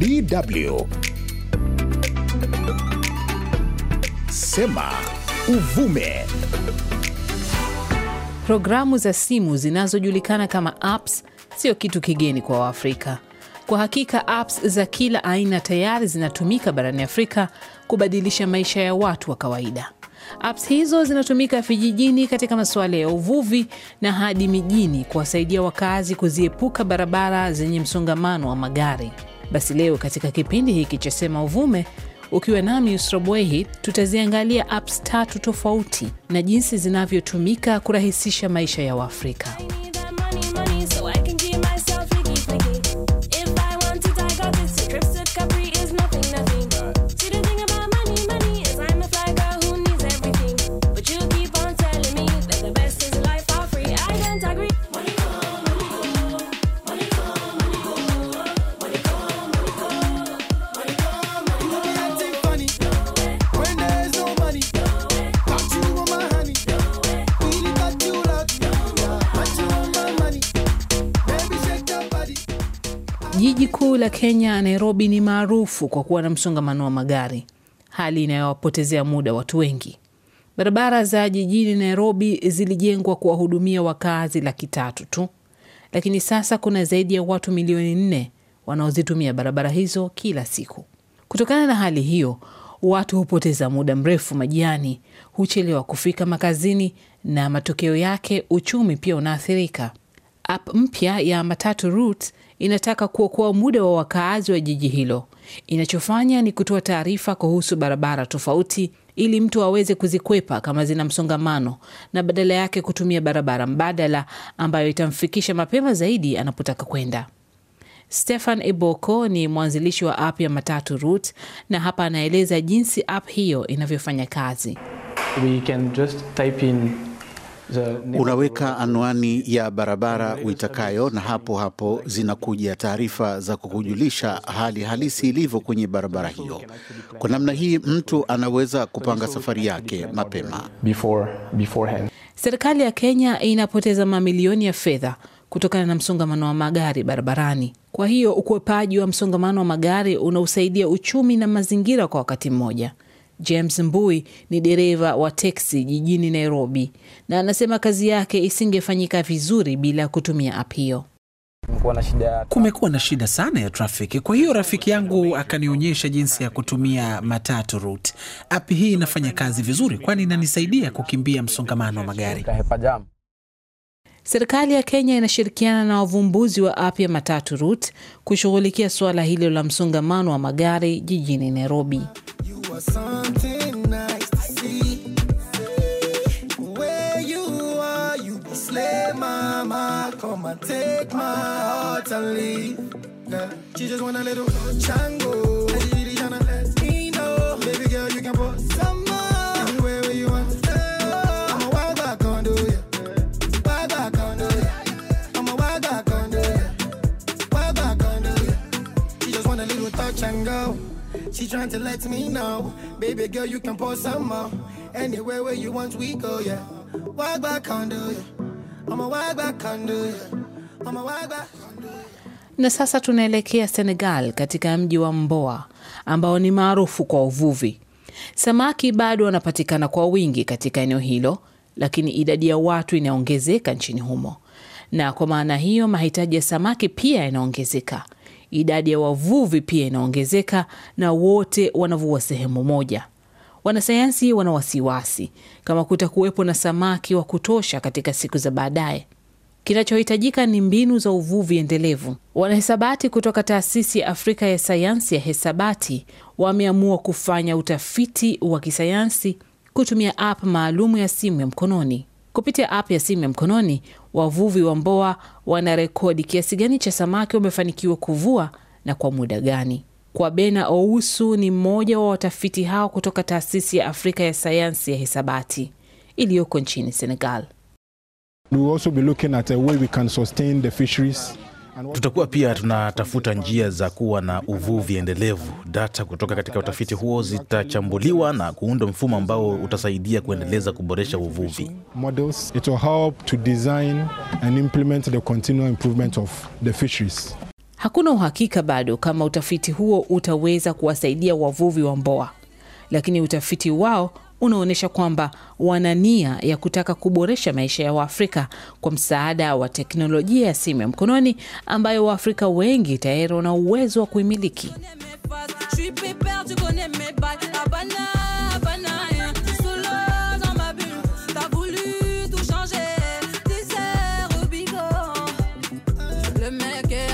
DW Sema Uvume. Programu za simu zinazojulikana kama apps sio kitu kigeni kwa Waafrika. Kwa hakika apps za kila aina tayari zinatumika barani Afrika kubadilisha maisha ya watu wa kawaida. Apps hizo zinatumika vijijini katika masuala ya uvuvi na hadi mijini kuwasaidia wakazi kuziepuka barabara zenye msongamano wa magari. Basi leo katika kipindi hiki cha Sema Uvume, ukiwa nami usrobwehi tutaziangalia apps tatu tofauti na jinsi zinavyotumika kurahisisha maisha ya Waafrika. Jiji kuu la Kenya, Nairobi, ni maarufu kwa kuwa na msongamano wa magari, hali inayowapotezea muda watu wengi. Barabara za jijini Nairobi zilijengwa kuwahudumia wakazi laki tatu tu, lakini sasa kuna zaidi ya watu milioni nne wanaozitumia barabara hizo kila siku. Kutokana na hali hiyo, watu hupoteza muda mrefu majiani, huchelewa kufika makazini, na matokeo yake uchumi pia unaathirika. App mpya ya Matatu Route inataka kuokoa muda wa wakaazi wa jiji hilo. Inachofanya ni kutoa taarifa kuhusu barabara tofauti ili mtu aweze kuzikwepa kama zina msongamano na badala yake kutumia barabara mbadala ambayo itamfikisha mapema zaidi anapotaka kwenda. Stefan Eboko ni mwanzilishi wa app ya Matatu rut na hapa anaeleza jinsi app hiyo inavyofanya kazi. We can just type in Unaweka anwani ya barabara uitakayo, na hapo hapo zinakuja taarifa za kukujulisha hali halisi ilivyo kwenye barabara hiyo. Kwa namna hii mtu anaweza kupanga safari yake mapema before, Serikali ya Kenya inapoteza mamilioni ya fedha kutokana na msongamano wa magari barabarani. Kwa hiyo ukwepaji wa msongamano wa magari unausaidia uchumi na mazingira kwa wakati mmoja. James Mbui ni dereva wa teksi jijini Nairobi, na anasema kazi yake isingefanyika vizuri bila kutumia app hiyo. Kumekuwa na shida sana ya trafiki, kwa hiyo rafiki yangu akanionyesha jinsi ya kutumia matatu route. App hii inafanya kazi vizuri, kwani inanisaidia kukimbia msongamano wa magari. Serikali ya Kenya inashirikiana na wavumbuzi wa app ya matatu route kushughulikia suala hilo la msongamano wa magari jijini Nairobi. something nice see. Where you are, you be slay, mama. Come and take my heart and leave. she just want a little chango. trying to let me know. Baby girl, you can pour some more. Anywhere where you want, we go, yeah. Walk back on do yeah. I'm a walk back on do yeah. I'm a walk back na sasa tunaelekea Senegal katika mji wa Mboa ambao ni maarufu kwa uvuvi. Samaki bado wanapatikana kwa wingi katika eneo hilo, lakini idadi ya watu inaongezeka nchini humo, na kwa maana hiyo mahitaji ya samaki pia yanaongezeka idadi ya wavuvi pia inaongezeka na wote wanavua sehemu moja. Wanasayansi wana wasiwasi kama kutakuwepo na samaki wa kutosha katika siku za baadaye. Kinachohitajika ni mbinu za uvuvi endelevu. Wanahesabati kutoka taasisi ya Afrika ya sayansi ya hesabati wameamua kufanya utafiti wa kisayansi kutumia ap maalumu ya simu ya mkononi. Kupitia ap ya simu ya mkononi, wavuvi wa mboa wana rekodi kiasi gani cha samaki wamefanikiwa kuvua na kwa muda gani. kwa bena Ousu ni mmoja wa watafiti hao kutoka taasisi ya Afrika ya sayansi ya hisabati iliyoko nchini Senegal. Tutakuwa pia tunatafuta njia za kuwa na uvuvi endelevu. Data kutoka katika utafiti huo zitachambuliwa na kuunda mfumo ambao utasaidia kuendeleza kuboresha uvuvi. Hakuna uhakika bado kama utafiti huo utaweza kuwasaidia wavuvi wa mboa, lakini utafiti wao unaonyesha kwamba wana nia ya kutaka kuboresha maisha ya Waafrika kwa msaada wa teknolojia ya simu ya mkononi ambayo Waafrika wengi tayari wana uwezo wa kuimiliki. Eh.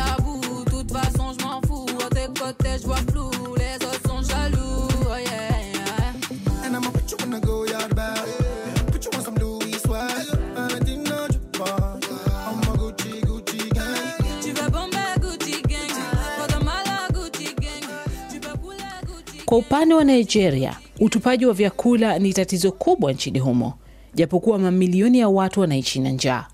Kwa upande wa Nigeria, utupaji wa vyakula ni tatizo kubwa nchini humo, japokuwa mamilioni ya watu wanaishi na njaa.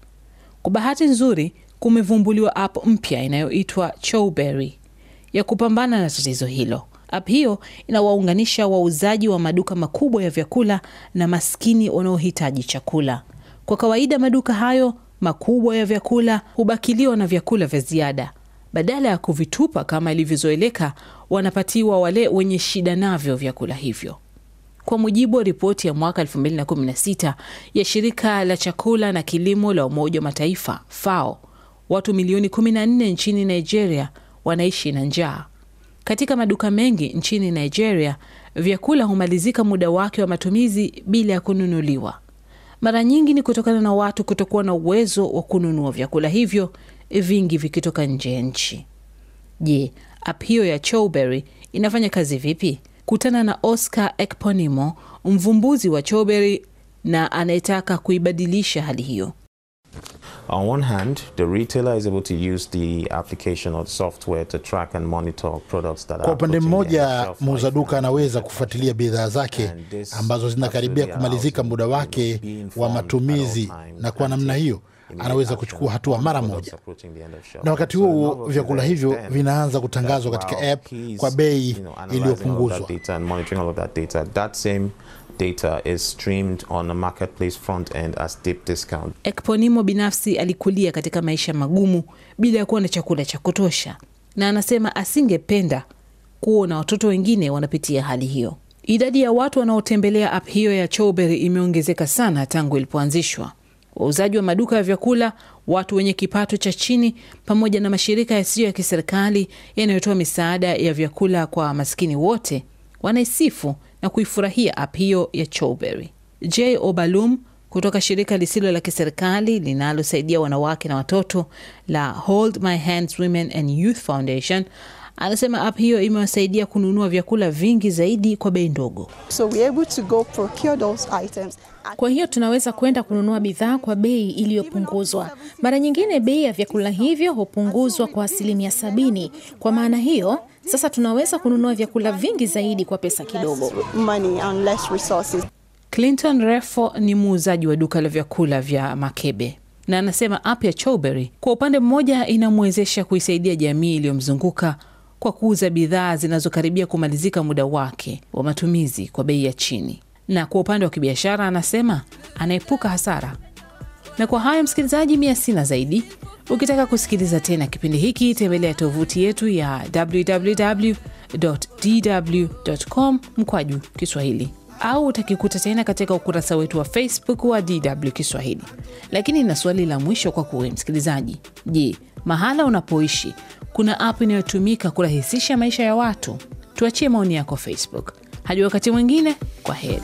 Kwa bahati nzuri, kumevumbuliwa app mpya inayoitwa Chowberry ya kupambana na tatizo hilo. App hiyo inawaunganisha wauzaji wa maduka makubwa ya vyakula na maskini wanaohitaji chakula. Kwa kawaida maduka hayo makubwa ya vyakula hubakiliwa na vyakula vya ziada badala ya kuvitupa kama ilivyozoeleka, wanapatiwa wale wenye shida navyo vyakula hivyo. Kwa mujibu wa ripoti ya mwaka 216 ya shirika la chakula na kilimo la Umoja wa Mataifa FAO, watu milioni 14 nchini Nigeria wanaishi na njaa. Katika maduka mengi nchini Nigeria, vyakula humalizika muda wake wa matumizi bila ya kununuliwa. Mara nyingi ni kutokana na watu kutokuwa na uwezo wa kununua vyakula hivyo vingi vikitoka nje ya nchi. Je, ap hiyo ya Chowberry inafanya kazi vipi? Kutana na Oscar Ekponimo, mvumbuzi wa Chowberry na anayetaka kuibadilisha hali hiyo. On one hand, the retailer is able to use the application or software to track and monitor products that are. Kwa upande mmoja, muuza duka anaweza kufuatilia bidhaa zake ambazo zinakaribia kumalizika muda wake wa matumizi, na kwa namna hiyo anaweza kuchukua hatua mara moja, na wakati huo vyakula hivyo vinaanza kutangazwa katika app kwa bei iliyopunguzwa. Ekponimo binafsi alikulia katika maisha magumu bila ya kuwa na chakula cha kutosha, na anasema asingependa kuona watoto wengine wanapitia hali hiyo. Idadi ya watu wanaotembelea app hiyo ya Chowberry imeongezeka sana tangu ilipoanzishwa wauzaji wa maduka ya vyakula, watu wenye kipato cha chini, pamoja na mashirika yasiyo ya kiserikali yanayotoa misaada ya vyakula kwa maskini wote wanaisifu na kuifurahia app hiyo ya Chowberry. J Obalum kutoka shirika lisilo la kiserikali linalosaidia wanawake na watoto la Hold My Hands Women and Youth Foundation Anasema app hiyo imewasaidia kununua vyakula vingi zaidi kwa bei ndogo. So able to go procure those items. Kwa hiyo tunaweza kwenda kununua bidhaa kwa bei iliyopunguzwa. Mara nyingine bei ya vyakula hivyo hupunguzwa kwa asilimia sabini. Kwa maana hiyo, sasa tunaweza kununua vyakula vingi zaidi kwa pesa kidogo. Clinton Refo ni muuzaji wa duka la vyakula vya Makebe na anasema app ya Chowberry kwa upande mmoja inamwezesha kuisaidia jamii iliyomzunguka kwa kuuza bidhaa zinazokaribia kumalizika muda wake wa matumizi kwa bei ya chini, na kwa upande wa kibiashara anasema anaepuka hasara. Na kwa hayo, msikilizaji, mia sina zaidi. Ukitaka kusikiliza tena kipindi hiki, tembelea tovuti yetu ya www.dw.com mkwaju Kiswahili au utakikuta tena katika ukurasa wetu wa Facebook wa DW Kiswahili. Lakini na swali la mwisho kwa kuwe msikilizaji, je, mahala unapoishi kuna app inayotumika kurahisisha maisha ya watu? Tuachie maoni yako Facebook. Hadi wakati mwingine, kwa heri.